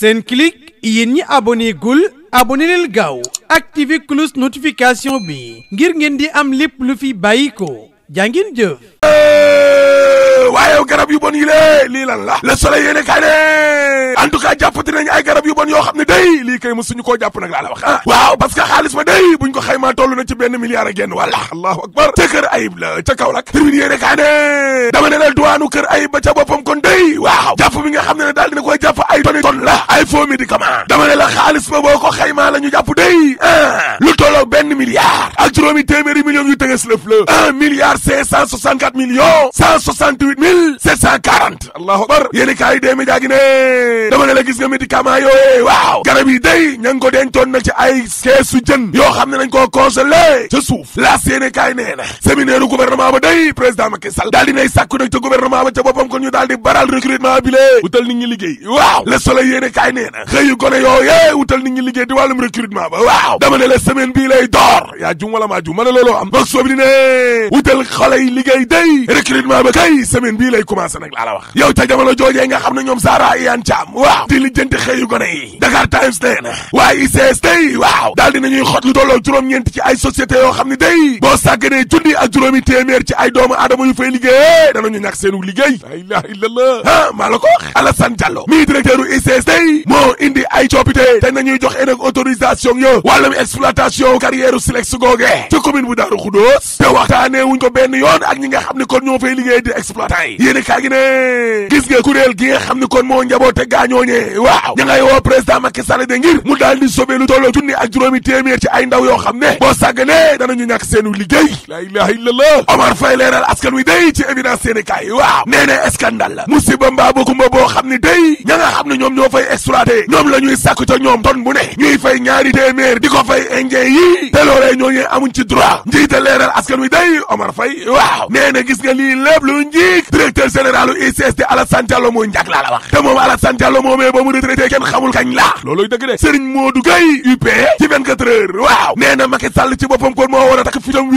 seen Senclic yéen ñi abonné gul abonné leen gaaw activé cloche notification bi ngir ngeen di am lépp lu fi bàyyi ko jaa ngeen jëf waaye garab yu bon yi lée lii lan la le soleil yéene kaay ne en tout ay garab yu bon yoo xam ne day lii kay mësuñu koo jàpp nag la wax ah. waaw parce que xaalis ba day buñ ko xaymaa toll na ci benn milliard ak genn allahu akbar ca ayib la ca Kaolack tribune yéene kaay la duwaanu kër ayib ba ca boppam kon day waaw jàpp bi xam ne ne daal dina ay toni ton la ay faux médicament dama la xaalis ba boo xaymaa la ñu jàpp day ah. 198 mille 740 allahu akbar yéeni kaa yi dee mi jaagi ne dama ne la gis nga médicament yooyee waaw garab yi day ña ngi ko dencoon na ci ay keesu jën yoo xam ne nañ koo congelé ca suuf laas yéeni kaa yi nee na séminaire ba day président Macky Sall daal di nay sàkku nag ca gouvernement ba ca boppam kon ñu daal di baral recrutement bi lée wutal nit ñi waaw le soleil yéeni kaa yi nee na xëyu wutal nit ñi liggéey di wàllum recrutement ba waaw dama ne la lay semaine bii lay commencé nag laa la wax yow ca jamono joojee nga xam ne ñoom Zahra Iyane Thiam waaw di lijjanti xëyu gone yi Dakar Times nee na waaye ICS day waaw daal dinañuy xot lu tolloo juróom-ñeent ci ay société yoo xam ne day boo sàgganee ak juróomi téeméer ci ay doomu aadama yu fay dana ñu ñàkk seenu liggéey la ilaha illallah ah maa la ko wax Alassane Diallo mii directeur moo indi ay coppite te nañuy jox nag autorisation yo wàllum exploitation carrière Silex googe ci commune bu Daaru Xudóos te waxtaanee wuñ ko benn yoon ak ñi nga xam ne kon ñoo fay liggéey di exploitant yi yéen kaa gi ne gis nga kuréel gi nga xam ne kon moo njaboote gaañooñee waaw ña ngay woo président Macky Sall de ngir mu daal di sobeelu tolloo junni ak juróomi téeméer ci ay ndaw yoo xam ne boo sàgg ne danañu ñàkk seenu liggéey ilaha illallah Omar Faye leeral askan wi day ci évidence Sénégal yi waaw nee na scandale la musiba mbaa bakumba boo xam ni day ña nga xam ne ñoom ñoo fay exploité ñoom la ñuy sàkk ca ñoom ton bu ne ñuy fay ñaari téeméer di ko fay indien yi te loolee ñooñu amuñ ci droit njiite leeral askan wi day Omar Faye waaw nee gis nga lii lépp lu njiig directeur général u ICS Alassane Diallo moo njàkk laa la wax te moom Alassane Diallo moomee ba mu retraité kenn xamul kañ la looloy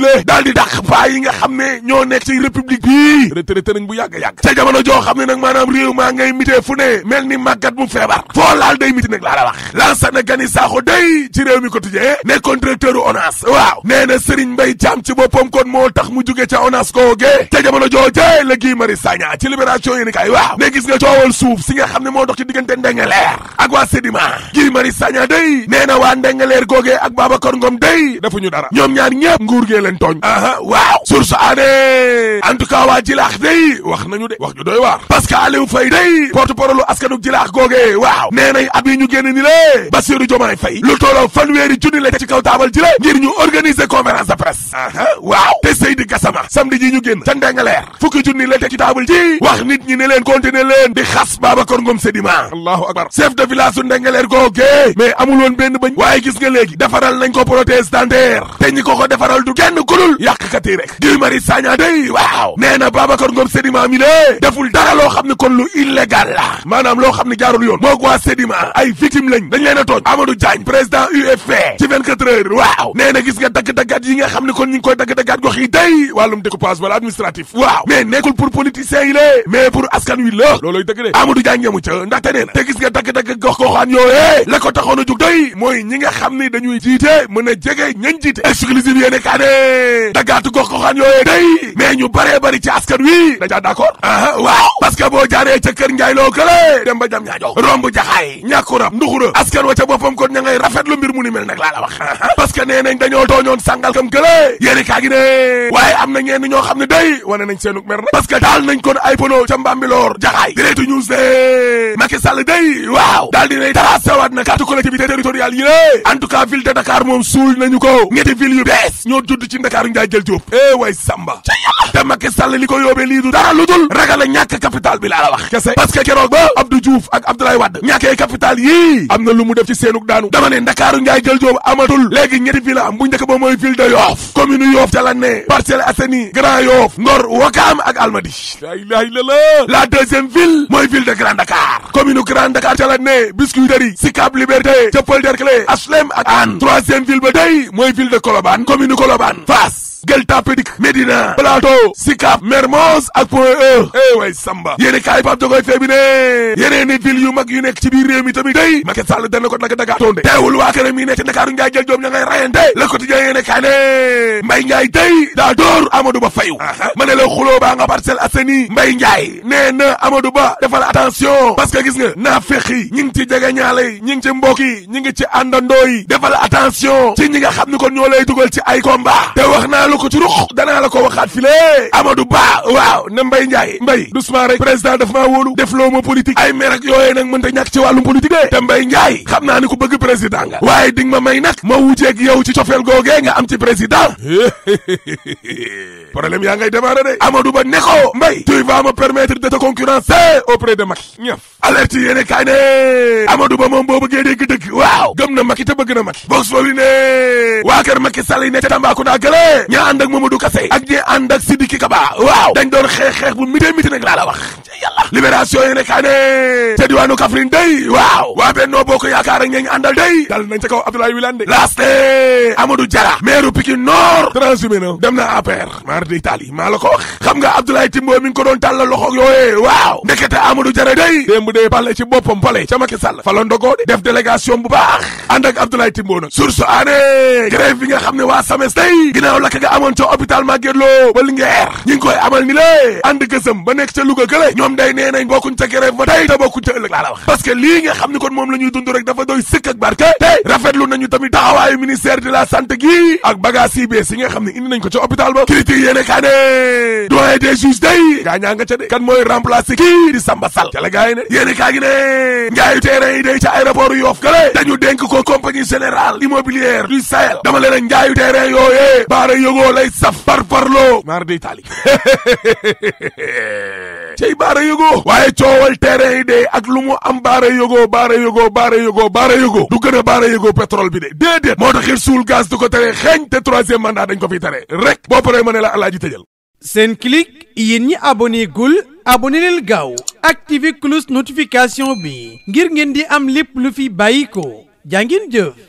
e, a daal di dàq ndax yi nga xam ne ñoo nekk ci république bii retraité nañ bu yàgg yàgg te jamono joo xam ne nag maanaam réew maa ngay mitee fu ne mel ni màggat mu feebar foo laal day miti nag laa la wax Lansana Gagny Sakho day ci réew mi quotidien nekkoon directeur u ONAS waaw nee na Serigne Mbaye Thiam ci boppam kon moo tax mu jóge ca ONAS googee te jamono jooje la Guy Marius Sagna ci libération yéen kaay waaw ne gis nga coowal suuf si nga xam ne moo dox ci diggante Ndengaleer ak waa Sedima Guy Marius Sagna day nee na waa Ndengaleer googee ak Babacar Ngom day dafa ñu dara ñoom ñaar ñëpp nguur gee leen tooñ waaw source ané en tout cas waa jilaax day wax nañu de wax ju doy waar parce que Aliou Faye day porte parole u jilaax googee waaw nee nañ at yi ñu génn ni lé Bassirou Diomaye Faye lu tolloo fanweeri junni la ci kaw taabal ji la ngir ñu organiser conférence de presse aha waaw te Seydi Gassama samedi ji ñu génn ca Ndengaleer fukki junni la ci taabal ji wax nit ñi ne leen continuer leen di xas Babacar Ngom Sedima allahu akbar chef de village su Ndengaleer ko protestataire te ñi du kenn kulul jalgati rek Guy Marius day waaw nee na Babacar Ngom Sedima mi lée deful dara loo xam ne kon lu illégal la maanaam loo xam ne jaarul yoon moog waa Sedima ay victime lañ dañ leen a tooñ Amadou Diagne président UFP ci 24 heures waaw nee gis nga dagg-daggaat yi nga xam ne kon ñu ngi koy dagg-daggaat gox yi day wàllum découpage wala administratif waaw mais nekkul pour politiciens yi lée mais pour askan wi la looloy dëgg de Amadou Diagne yamu ca ndaxte nee na te gis nga dagg a jug a jege gox goxaan yooyee day mais ñu baree bari ci askan wi dañ caa d'accord aha waaw parce que boo jaaree ca kër Njaay loo kële dem ba jam ñaajo romb jaxaay ñàkkurab nduxura askan wa ca boppam kon ña ngay rafetlu mbir mu ni mel nag laa la wax parce nee nañ dañoo tooñoon sàngal kam kële yéeni kaa ne waaye am na ñenn ñoo xam ne day wane nañ seenuk mer nag parce daal nañ kon ay ca Mbambilor jaxaay direetu news de Macky Sall day waaw daal dinay tarasawaat na carte collectivité bopp way samba ca te Macky li ko yóobee lii du dara lu dul ragal ñàkk capital bi la wax kese parce que keroog ba Abdou Diouf ak Abdoulaye Wade ñàkkee capital yii am na lu mu def ci seenuk daanu dama ne ndakaaru njaay jël joobu amatul léegi ñetti ville am bu njëkk ba mooy ville de Yoff commune Yoff ca la ne Parcelles Assainies Grand Yoff Ngor Wakaam ak Almadies la ilaha illallah la deuxième ville mooy ville de Grand Dakar commune Grand Dakar ca la ne Biscuiterie Sicap Gueule Tapée Dik Médina Plateau Sicap Mermoz ak Point E eh way Samba yéen i kaay Pape Jogoy fee bi ne ni ville yu mag yu nekk ci biir réew mi tamit day Macky sal dana ko naka dagaa tonde teewul waa këram yi nekk ci Ndakaaru Ndiaye jël joom ña rayante Le Quotidien yéen i kaay ne Mbaye daa dóor Amadou Ba fayu ma ne la xuloo baa nga Parcelles Assainies Mbaye Ndiaye nee na Amadou Ba defal attention parce que gis nga na fexi ñi ngi ci jege ñaale ñi ngi ci mbokk yi ñi ngi ci àndandoo yi defal attention ci ñi nga xam la ko ci ruq danaa la ko waxaat fi lee Ba waaw ne Mbaye Ndiaye Mbaye doucement rek président dafa maa wóolu def loo ma politique ay mer ak yooyee nag mën ta ñàkk ci wàllum politique de te Mbaye Ndiaye xam naa ni ku bëgg président nga waaye di nga ma may nag ma wuuteeg yow ci cofeel googee nga am ci président problème yaa ngay démarrer de Amadou Ba ne ko Mbaye tu vas me permettre de te concurrencer auprès de Macky ñëf alerte yéene kaay ne moom boo bëggee dégg dëgg waaw gëm na Macky te bëgg na Macky box foofu ne waa kër Macky Sall yi ne ca Tambacounda gële ñaa ànd ak Mamadou Kassé ak ñi ànd ak Sidiki Kaba waaw dañ doon xeex xeex bu mité mité nag laa wax libération yéene kaay ne te diwaanu Kaffrine day waaw waa Benno Bokk Yaakaar ak ñañ àndal day dal nañ ca kaw Abdoulaye Wilane de laaste Amadou Diarra maire Pikine Nord transhumé na dem na APR mar di tali maa la ko xam nga Abdoulaye Timbo mi ko doon tàllal loxo yooyee waaw ndekete Amadou Diarra day démb dee pale ci boppam pale ca Macky Sall fa la ndogoo def délégation bu baax ànd ak Abdoulaye nag source aané grève bi nga xam ne waa SAMES day ginnaaw lakk nga amoon ca hôpital Magatte Lô ba Linguère ñi ngi koy amal ni day nee nañ bokkuñ ca grève ba tey te bokkuñ ca ëllëg laa la wax parce que lii nga xam ni kon moom la ñuy dund rek dafa doy sëkk ak barke tey rafetlu nañu tamit taxawaayu ministère de la santé gi ak bagage yi nga xam ne indi nañ ko ca hôpital ba critique yéene kaa ne doyen des juges day gaa ñaa nga ca de kan mooy remplacer kii di Samba Sall ca la gaa yi ne yéene kaa gi ne njaayu terrain yi day ca aéroport Yoff ko compagnie générale a njaayu terrain yooyee baara yëgoo lay saf par parloo cey baara yógoo waaye coowal terrain yi de ak lu mu am baara yógoo baara yógoo baara yógoo baara yógoo du gën a baara yógoo pétrole bi de déedéet moo tax it suul gaz du ko tere xeeñ te troisième mandat dañ ko fiy tere rek boo paree ma ne la alaaji tëjal seen clic yéen ñi abonné gul abonné leen gaaw activé cloche notification bi ngir ngeen di am lépp lu fi bàyyi ko jàngin jëf